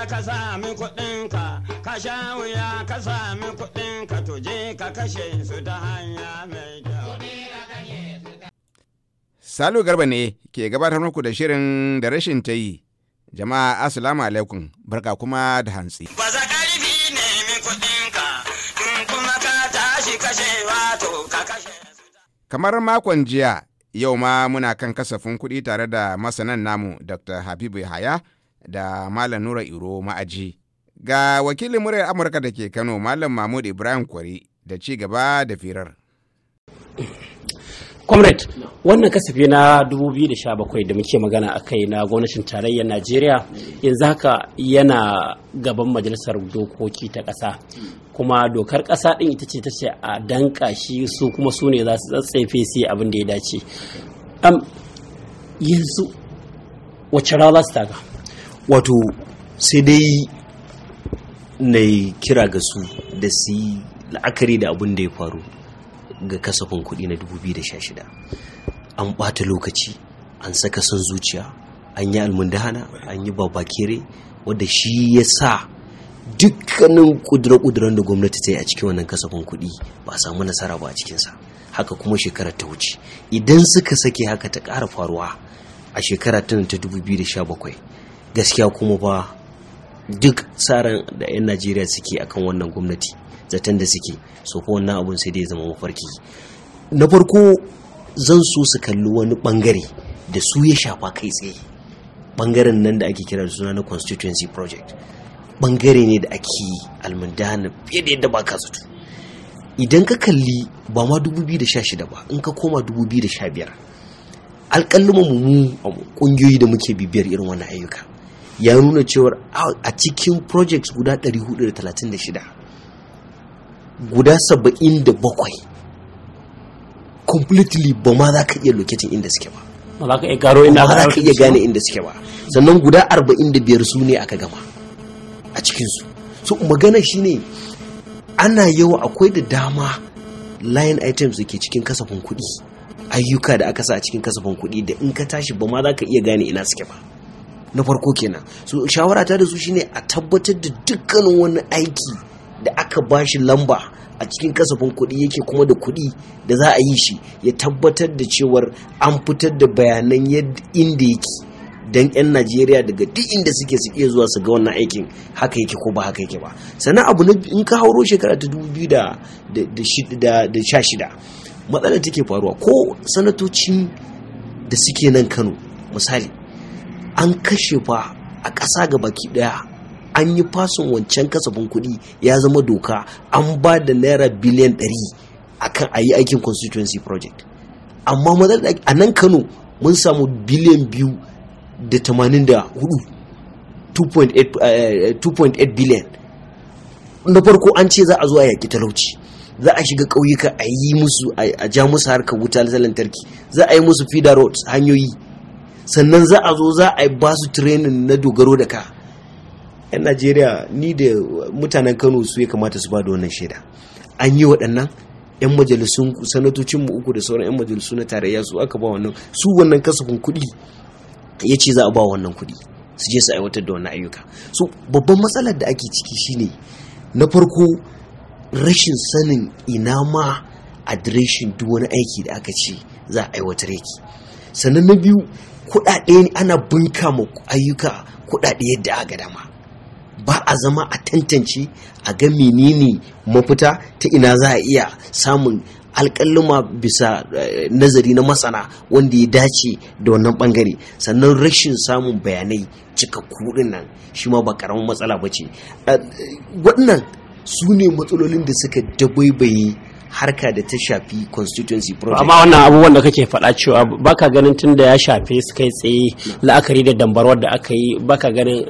ka ka sami kuɗinka ka sha wuya ka sami kuɗinka to je ka kashe su ta hanya mai kyau. Garba ne ke gabatar muku da shirin da rashin ta yi. Jama'a Assalamu alaikum barka kuma da hantsi. ƙarfi nemi kuɗinka in kuma ka tashi kashe wato ka kashe. Kamar makon jiya yau ma muna kan kasafin kuɗi tare da masanan namu Dr. Habibu Yahaya. da Malam Nura Iro ma'aji. Ga wakilin muryar Amurka da ke Kano Malam Mahmud Ibrahim Kwari da ci gaba da firar. Comrade, wannan kasafi na 2017 da muke magana a kai na gwamnatin tarayyar Najeriya yanzu haka yana gaban majalisar dokoki ta ƙasa. Kuma dokar ƙasa ɗin ita ce ta ce a danka shi su kuma su ne za su tsatsefe su abin da ya dace. yanzu wacce rawa za su taka? wato sai dai na kira ga su da su yi la'akari da abin da ya faru ga kasafin kuɗi na 2016 an ɓata lokaci an saka son zuciya an yi almundahana an yi babakere wadda shi ya sa dukkanin kudura-kuduran da gwamnati ta yi a cikin wannan kasafin kuɗi ba a samu nasara ba a cikinsa haka kuma shekarar ta wuce idan suka sake haka ta ƙara faruwa a shekarar ta 2017 gaskiya kuma ba duk tsarin da 'yan najeriya suke akan wannan gwamnati zaton da suke so ko wannan abun sai dai zama mafarki na farko zan so su kalli wani bangare da su ya shafa kai tsaye bangaren nan da ake kira da suna na constituency project bangare ne da ake almundana fiye da yadda ba ka zato idan ka kalli ba ma 2016 ba in ka koma 2015 alƙalluma mu mu kungiyoyi da muke bibiyar irin wannan ayyuka ya nuna cewar a cikin projects guda 436 guda 77 completely ba ma za ka iya locating inda suke ba ba za ka iya inda ba za ka iya gane inda suke ba sannan guda 45 su ne aka gama a cikinsu so magana shine ana yawa akwai da dama line items da ke cikin kasafin kuɗi ayyuka da aka sa a cikin kasafin kuɗi da in ka tashi ba ma za ka iya gane ina suke ba na farko kenan so shawara ta da su shine a tabbatar da dukkanin wani aiki da aka bashi lamba a cikin kasafin kuɗi yake kuma da kuɗi da za a yi shi ya tabbatar da cewar an fitar da bayanan yadda inda yake don 'yan najeriya daga duk inda suke su iya zuwa su ga wannan aikin haka yake ko ba haka yake ba sannan abu na in ka hauro shekara ta dubu da sha shida matsalar take faruwa ko sanatocin da suke nan kano misali an kashe fa a ƙasa ga baki ɗaya an yi fasin wancan kasafin kuɗi ya zama doka an ba da naira biliyan ɗari kan a yi aikin constituency project amma a nan kano mun samu biliyan biyu da tamanin da hudu 2.8 biliyan na farko an ce za a zo a yaƙi talauci za a shiga ƙauyuka a yi musu a ja musu harkar wuta lantarki za a yi musu feeder roads hanyoyi sannan za a zo za a ba su training na dogaro da ka yan najeriya ni da mutanen kano su ya kamata su ba da wannan shaida an yi waɗannan yan majalisun sanatocin mu uku da sauran yan majalisu na tarayya su aka ba wannan su wannan kasafin kuɗi ya ce za a ba wannan kuɗi su je su aiwatar da wannan ayyuka so babban matsalar da ake ciki shine na farko rashin sanin ina ma adireshin duk wani aiki da aka ce za a aiwatar yake sannan na biyu kuɗaɗe ne ana bunka ma ayyuka kuɗaɗe yadda aka dama ba a zama a tantance a ga menene mafita ta ina za a iya samun alƙalluma bisa eh, nazari na masana wanda ya dace da wannan bangare sannan rashin samun bayanai cika kuɗin nan shi ma ba ƙaramin matsala ba ce eh, eh, waɗannan su ne matsalolin da suka dabaibaye harka da ta shafi constituency project amma wannan abubuwan da kake faɗa cewa baka ganin tun da ya shafe su kai tsaye la'akari da dambarwar da aka yi baka ganin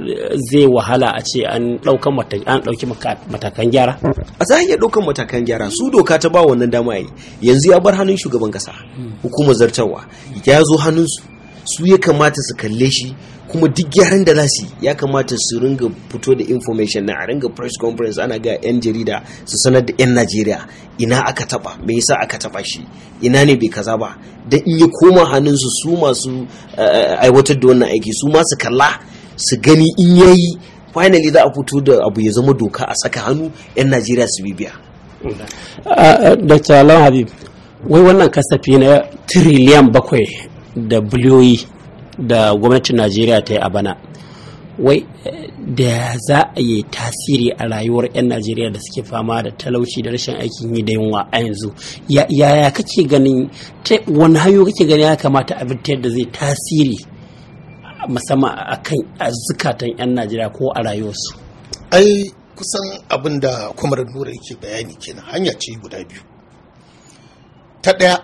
zai wahala a ce an ɗaukan an ɗauki matakan gyara a za iya ɗaukan matakan gyara su doka ta ba wannan dama yanzu ya bar hannun shugaban ƙasa hmm. hukumar zartarwa ya zo hannunsu su ya kamata su kalle shi kuma duk gyaran da zasu ya kamata su ringa fito da information na a ringa press conference ana ga 'yan jarida su sanar da 'yan najeriya ina aka taba me yasa aka taba shi ina ne bai kaza ba da in ya koma hannunsu su masu eh, aiwatar da wannan aiki su masu kalla su gani in yayi finally za a fito da abu ya zama doka a saka hannu 'yan najeriya su bibiya ah, eh, dr habib wai wannan kasafi na tiriliyan bakwai da biliyoyi da gwamnatin najeriya ta yi a bana wai da za a yi tasiri a rayuwar 'yan najeriya da suke fama da talauci da rashin aikin yi da yunwa a yanzu yaya kake ganin wani hanyoyi kake ganin ya kamata a da zai tasiri musamman a kan zukatan 'yan najeriya ko a rayuwarsu ai kusan abin da kwamar nura yake bayani kenan hanya ce guda biyu ta ɗaya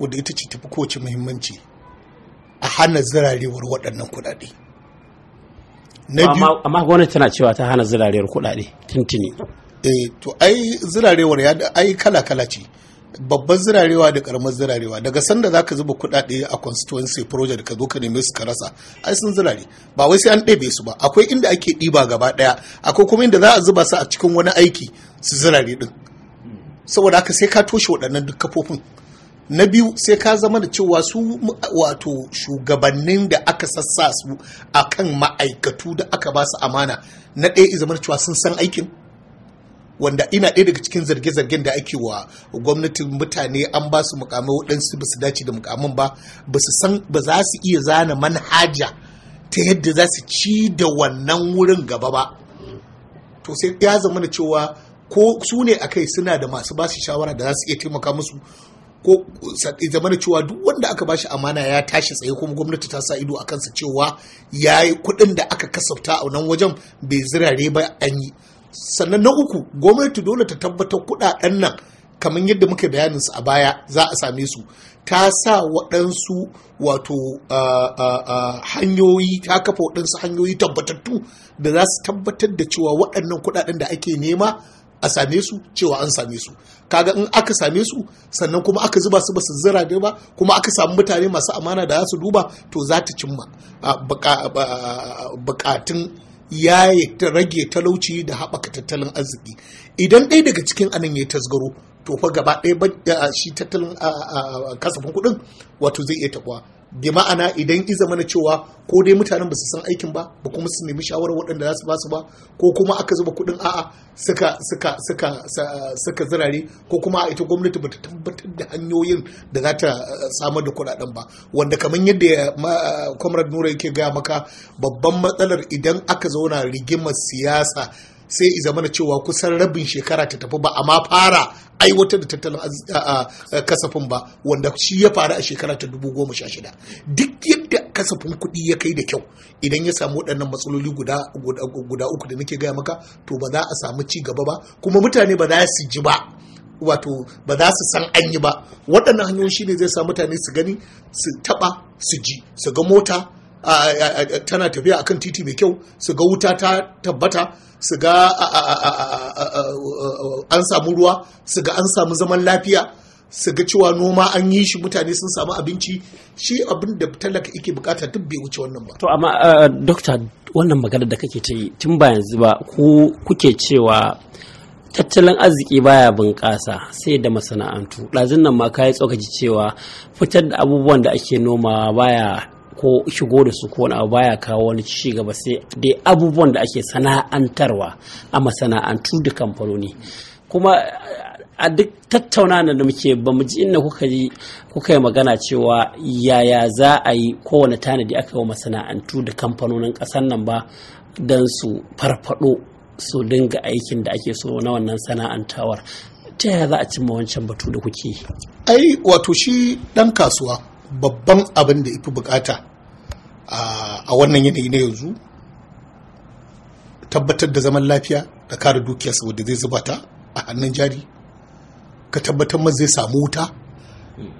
wadda ita ce tafi kowace muhimmanci a hana zirarewar waɗannan kuɗaɗe. amma gwamnati tana cewa ta hana zirarewar kuɗaɗe tintini eh to ai zirarewar ya ai kala kala ce babban zirarewa da karamar zirarewa daga sanda za ka zuba kuɗaɗe a constituency project ka zo ka neme su ka rasa ai sun zirare ba wai sai an ɗebe su ba akwai inda ake ɗiba gaba ɗaya akwai kuma inda za a zuba su a cikin wani aiki su zirare ɗin saboda haka sai ka toshe waɗannan duk kafofin na biyu sai ka zama da cewa su wato shugabannin da aka sassa su a kan ma'aikatu da aka ba su amana na ɗaya i zama da cewa sun san aikin wanda ina ɗaya daga cikin zarge-zargen da ake wa gwamnatin mutane an ba su mukamai waɗansu ba su dace da mukamin ba ba su san ba za su iya zana manhaja ta yadda za su ci da wannan wurin gaba ba to sai ya zama da cewa ko su ne a kai suna da masu ba su shawara da za su iya taimaka musu ko zamana cewa duk wanda aka bashi amana ya tashi tsaye kuma gwamnati ta sa ido a kansa cewa ya yi kuɗin da aka kasafta a nan wajen bai zirare ba an yi sannan na uku gwamnati dole ta tabbatar kuɗaɗen nan kamar yadda muke bayanin su a baya za a same su ta sa waɗansu wato hanyoyi ta kafa waɗansu hanyoyi tabbatattu da za su tabbatar da cewa waɗannan kuɗaɗen da ake nema a same su cewa an same su kaga in aka same su sannan kuma aka zuba su basu zira ba kuma aka samu mutane masu amana da za su duba to za ta cimma bukatun ya rage talauci da haɓaka tattalin arziki idan ɗaya daga cikin anan ya tasgaro to fa gaba ɗaya shi tattalin kasafin kuɗin wato zai iya tafiya. bi ma'ana idan i zama na cewa ko dai mutanen ba su san aikin ba ba kuma su nemi shawarar waɗanda za su ba su ba ko kuma aka zuba kuɗin a'a suka suka zirare ko kuma ita gwamnati ba ta tabbatar da hanyoyin da za ta eh, samar da kuɗaɗen ba wanda kamar yadda kwamar eh, eh, nura yake gaya maka babban matsalar idan aka zauna rigimar siyasa sai i zamana cewa kusan rabin shekara ta tafi ba a ma fara aiwatar da tattalin kasafin ba wanda shi ya faru a shekara ta dubu goma sha shida duk yadda kasafin kuɗi ya kai da kyau idan ya samu waɗannan matsaloli guda uku da nake gaya maka to ba za a samu ci gaba ba kuma mutane ba za su ji ba wato ba za su san an yi ba waɗannan hanyoyi ne zai sa mutane su gani su taɓa su ji su ga mota tana tafiya akan titi mai kyau su ga wuta ta tabbata su ga an samu ruwa su ga an samu zaman lafiya su ga cewa noma an yi shi mutane sun samu abinci shi abin da talaka ike bukata duk bai wuce wannan ba to amma dokta wannan magana da kake ta yi tun ba yanzu ba ku kuke cewa tattalin arziki baya bunƙasa sai da masana'antu ɗazin nan ma kayi tsokaci cewa fitar da abubuwan da ake nomawa baya ko shigo da su ko wani abu baya kawo wani ci gaba sai dai abubuwan da ake sana'antarwa a masana'antu da kamfanoni kuma a duk tattauna da muke ba mu ji inda kuka yi kuka yi magana cewa yaya za a yi kowane tanadi aka yi masana'antu da kamfanonin ƙasar nan ba don su farfado su dinga aikin da ake so na wannan sana'antawar ta yaya za a cimma wancan batu da kuke ai wato shi ɗan kasuwa babban abin da ifi bukata a wannan yanayi na yanzu tabbatar da zaman lafiya da kare dukiya wadda zai zubata a hannun jari ka tabbatar ma zai samu wuta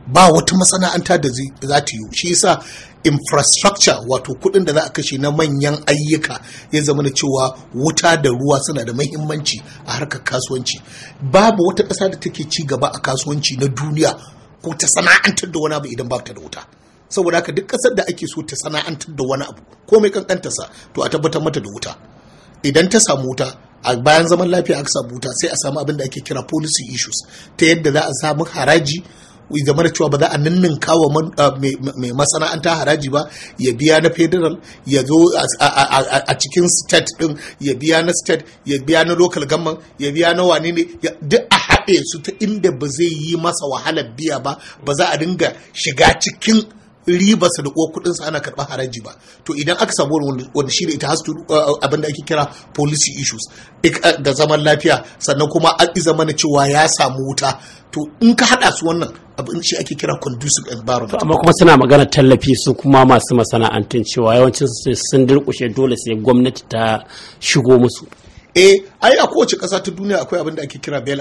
ba wata masana'anta da za ta yi shi yasa infrastructure wato kudin da za a kashe na manyan ayyuka ya zama da cewa wuta da ruwa suna da mahimmanci a harkar kasuwanci babu wata ƙasa da take ci gaba a kasuwanci na duniya ko ta sana'antar da wani abu idan ba ta da wuta saboda haka duk ƙasar da ake so ta sana'antar da wani abu komai mai kankantarsa to a tabbatar mata da wuta idan ta samu wuta a bayan zaman lafiya aka samu wuta sai a samu abin da ake kira policy issues ta yadda za a samu haraji zama da cewa ba za a nannin wa mai masana'anta haraji ba ya biya na federal ya zo a cikin state din ya biya na state ya biya na local government ya biya na wane ne duk a haɗe su ta inda ba zai yi masa wahalar biya ba ba za a dinga shiga cikin ribarsa da kuwa sa ana karɓar haraji ba to idan aka samu wani shi da ita has to uh, abin da ake kira policy issues uh, da zaman lafiya sannan kuma an zama na cewa ya samu wuta to in ka haɗa su wannan abin shi ake kira conducive environment amma kuma suna magana tallafi su kuma masu masana'antun cewa yawancin sun durƙushe dole sai gwamnati ta shigo musu eh ai a kowace ƙasa ta duniya akwai abin da ake kira bail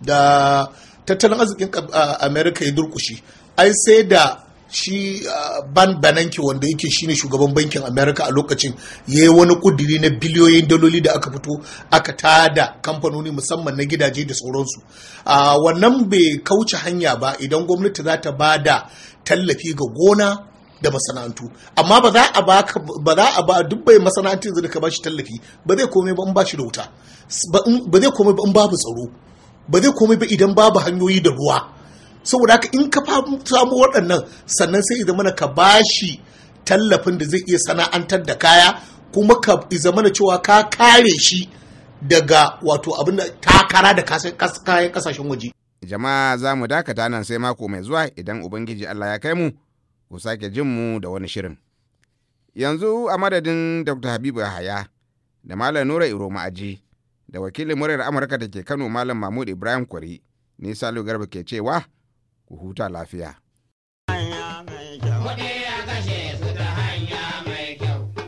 da tattalin arzikin uh, america ya durkushe ai sai da shi uh, ban bananki wanda yake shine shugaban bankin america a lokacin ya yi wani kudiri na biliyoyin daloli da aka fito aka tada kamfanoni musamman na gidaje da sauransu uh, wannan bai kauce hanya ba idan gwamnati za ta ba da tallafi ga gona da masana'antu amma ba za a ba a duk da ka ba shi tallafi ba zai komai ba in ba shi da wuta ba zai komai ba in babu tsaro ba zai komai ba idan babu hanyoyi da ruwa saboda haka in ka samu waɗannan sannan sai idan mana ka bashi tallafin da zai iya sana'antar da kaya kuma ka mana cewa ka kare shi daga wato abin da takara da kayan kasashen waje. jama'a za mu dakata nan sai mako mai zuwa idan ubangiji allah ya kai mu ku sake jin mu da wani shirin yanzu a madadin dr habibu yahaya da malam nura iro ma'aji da wakilin muryar amurka da ke kano malam mahmud ibrahim kwari ni salu garba ke cewa ku huta lafiya.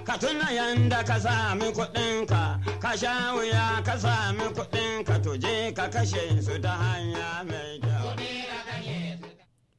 Ka tuna yanda ka sami kuɗinka, ka sha wuya ka sami kuɗinka, to je ka kashe su ta hanya